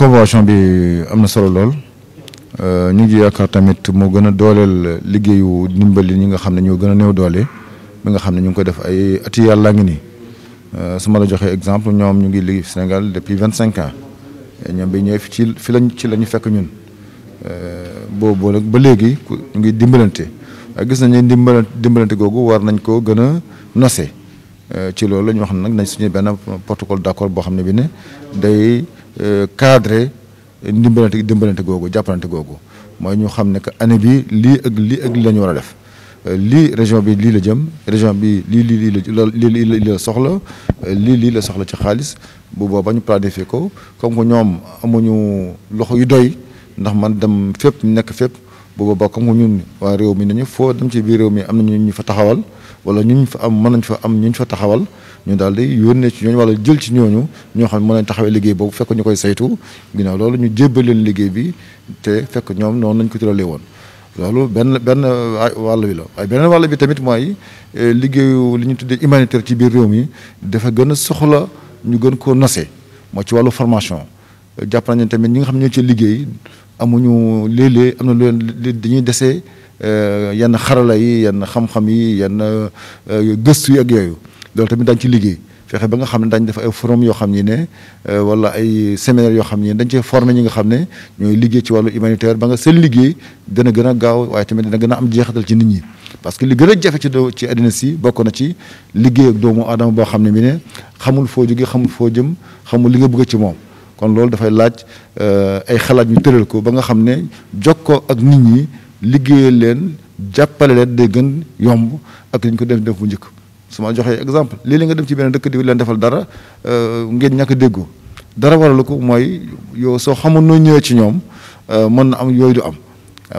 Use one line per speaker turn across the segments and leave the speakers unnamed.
convention bi am na solo lool euh, ñu ngi yaakaar tamit moo gën a dooleel liggéeyu ndimbali ñi nga xam ne ñoo gën a néew doole bi nga xam ne ñu ngi ko def ay ati yàlla ngi nii euh, su ma la joxee exemple ñoom ñu ngi liggéey Sénégal depuis vingt cinq ans ñoom bi ñëwee ci fi lañ ci la ñu fekk ñun euh, boobu ba léegi ñu ngi dimbalante gis nañ ne dimbal dimbalante googu war nañ ko gën a nose ci loolu la ñu wax nag nañ suñu benn protocole d'accord boo xam ne bi ne cadré ndimbalante dimbalante googu jàppalante googu mooy ñu xam ne que année bi lii ak lii ak lii war a def lii région bi lii la jëm région bi lii lii lii la lii lii la soxla lii lii la soxla ci xaalis bu boobaa ñu planifié ko comme que ñoom amuñu loxo yu doy ndax man dem fépp nekk fépp. booba bokk nga ñun waa réew mi nañu foo dem ci biir réew mi am na ñu ñu fa taxawal wala ñu ñu fa am mën nañ fa am ñu ñu fa taxawal ñu daal di yónnee ci ñooñu wala jël ci ñooñu ñoo xam mën nañ taxawee liggéey boobu fekk ñu koy saytu ginnaaw loolu ñu jébbal leen liggéey bi te fekk ñoom noonu nañ ko tëralee woon loolu benn benn wàll bi la waaye beneen wàll bi tamit mooy eh, liggéeyu li ñu tuddee humanitaire ci biir réew mi dafa gën a soxla ñu gën koo nose moo ci wàllu formation jàpp nañu tamit ñi nga xam ne ñoo ci liggéey amuñu léeg am na lu dañuy dese euh, yenn xarala yi yenn xam-xam yi yenn euh, gëstu yi ak yooyu loolu tamit daañu ci liggéey fexe ba nga xam ne daañu def ay forum yoo xam ni ne euh, wala ay séminaire yoo xam ni dañ cee former ñi nga xam ne ñooy liggéey ci wàllu humanitaire ba nga seen liggéey dana gën a gaaw waaye tamit dana gën a am jeexital ci nit ñi. parce que li gën a jafe ci do ci àddina si bokk na ci liggéey ak doomu aadama boo xam ne mi ne xamul foo jóge xamul foo jëm xamul li nga bëgg ci moom. kon loolu dafay laaj euh, ay xalaat ñu tëral ko ba nga xam ne jokkoo ak nit ñi liggéeyal leen jàppale leen day gën yomb ak li ñu ko def def bu njëkk su ma joxee exemple léeg-léeg nga dem ci benn dëkk di leen defal dara euh, ngeen ñàkk déggoo dara waralu ko mooy yow soo xamoon noo ñëwee ci ñoom euh, mën na am yooyu du am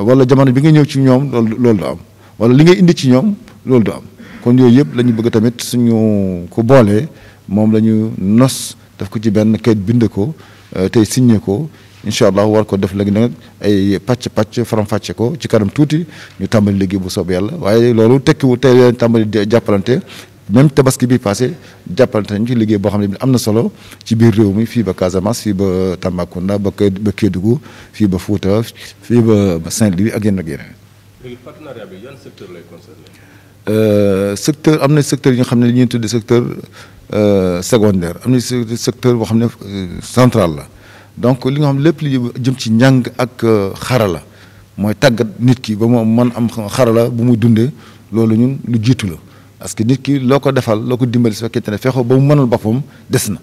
wala jamono bi nga ñëw ci ñoom loolu du am wala li ngay indi ci ñoom loolu du am kon yooyu yëpp la bëgg tamit suñu ko boolee moom la ñu nos def ko ci benn kayit bind ko euh, tey signé ko incha allah war ko def léegi nag ay pàcc pacc faram-fàcce ko ci kanam tuuti ñu tàmbali liggéey bu soob yàlla waaye loolu tekkiwu tey leen tàmbali jàppalante même tabaski bi passé jàppalante nañu ci liggéey boo xam ne bi am na solo ci biir réew mi fii ba Casamance fii ba Tambacounda ba ba Kédougou fii ba Fouta fii ba Saint-Louis ak yeneen ak yeneen. léegi partenariat euh, secteur am na secteur yi nga xam ne li ñuy tuddee secteur. Euh, secondaire am na secteur boo xam ne euh, centrale la donc li nga xam lépp li jëm ci njàng ak euh, xarala mooy tàggat nit ki ba mu man am xarala bu muy dundee loolu ñun lu jiitu la parce que nit ki loo ko defal loo ko dimbali su fekkente ne fexe ba mu mënal boppam des na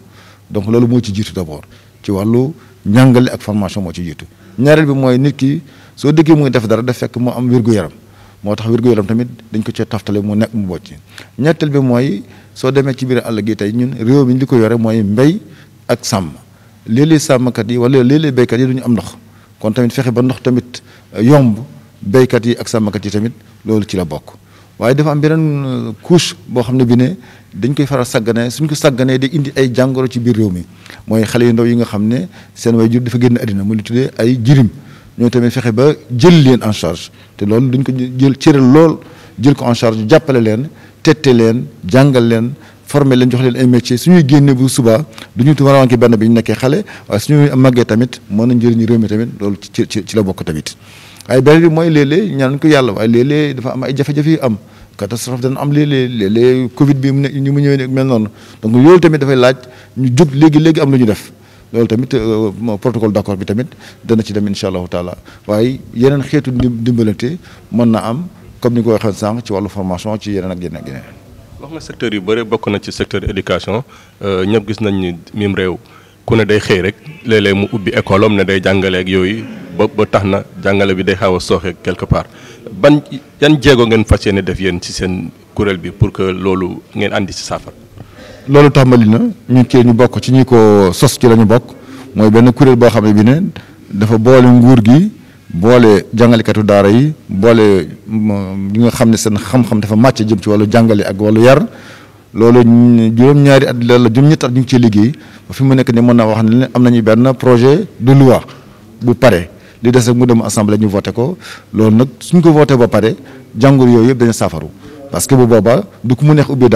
donc loolu moo ci jiitu d'abord ci wàllu njàngale ak formation moo ci jiitu ñaareel bi mooy nit ki soo déggee muy def dara daf fekk mu am wér yaram moo tax wérgu yaram tamit dañ ko cee taftale mu nekk mu bocc ñetteel bi mooy soo demee ci biir àll gi tey ñun réew mi li ko yore mooy mbéy ak sàmm léeg-léeg sàmmkat yi wala léeg-léeg yi du am ndox kon tamit fexe ba ndox tamit euh, yomb béykat yi ak sàmmkat yi tamit loolu ci la bokk waaye dafa am beneen euh, couche boo xam ne bi ne dañ koy faral sàgganee suñ ko sàgganee di indi ay jàngoro ci biir réew mi mooy xale yu ndaw yi nga xam ne seen way jur dafa génn àddina mu li tuddee ay jirim ñoo tamit fexe ba jël leen en charge te loolu duñ ko jël cëral lool jël ko en charge jàppale leen tette leen jàngal leen former leen jox leen ay métier suñuy génne bu suba du ñu warawanke benn bi ñu nekkee xale waaye suñuy màggee tamit mën nañ njëriñu réew mi tamit loolu ci ci ci la bokk tamit waaye benn bi mooy léeg-léeg ñaan ko yàlla waaye léeg-léeg dafa am ay jafe-jafe yu am catastrophe dana am léeg-léeg léeg-léeg covid bi mu ne ñu mu ñëwee mel noonu donc loolu tamit dafay laaj ñu jóg léegi léegi am lu ñu def loolu tamit euh, protocole d'accord bi tamit dana ci dem incha allahu taala waaye yeneen xeetu dimbalante mën na am comme ni ko waxee sànq ci wàllu formation ci yeneen ak yeneen ak yeneen. wax nga secteur yu bëri bokk na ci secteur éducation euh, ñëpp gis nañ ni mim réew ku ne day xëy rek léeg mu ubbi école am ne day jàngale yooyu ba ba tax na jàngale bi day xaw a sooxee quelque part ban yan jéego ngeen fas yéene def yéen ci seen kuréel bi pour que loolu ngeen andi si saafara. loolu tàmbali na ñu cee ñu bokk ci ñu ko sos ci la ñu bokk mooy benn kuréel boo xam ne bi ne dafa boole nguur gi boole jàngalekatu daara yi boole ñu nga xam ne seen xam-xam dafa màcc jëm ci wàllu jàngale ak wàllu yar loolu juróom-ñaari at la juróom-ñetti at ñu ngi ciy liggéey fi mu nekk ni mën naa wax ne am nañu benn projet du loi bu pare li des ak mu dem assemblée ñu voté ko loolu nag suñ ko voté ba pare jàngur yooyu yëpp dañu saafaru parce que bu boobaa du ko mu neex ubbi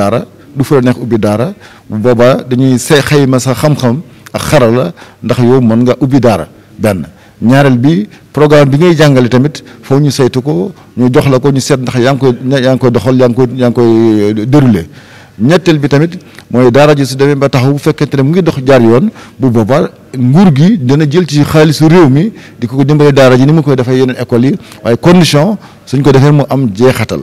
du fa neex ubbi daara bu boobaa dañuy see xayma sa xam-xam ak xarala ndax yow mën nga ubbi daara benn ñaareel bi programme bi ngay jàngale tamit foofu ñu saytu ko ñu jox la ko ñu seet ndax yaa ngi koy doxal yaa ngi koy yaa euh, ñetteel bi tamit mooy daara ji su demee ba taxaw bu fekkente ne mu ngi dox jaar yoon bu boobaa nguur gi dana jël ci xaalisu réew mi di ko dimbale daara ji ni mu koy defee yeneen école yi waaye condition suñ ko defee mu am jeexatal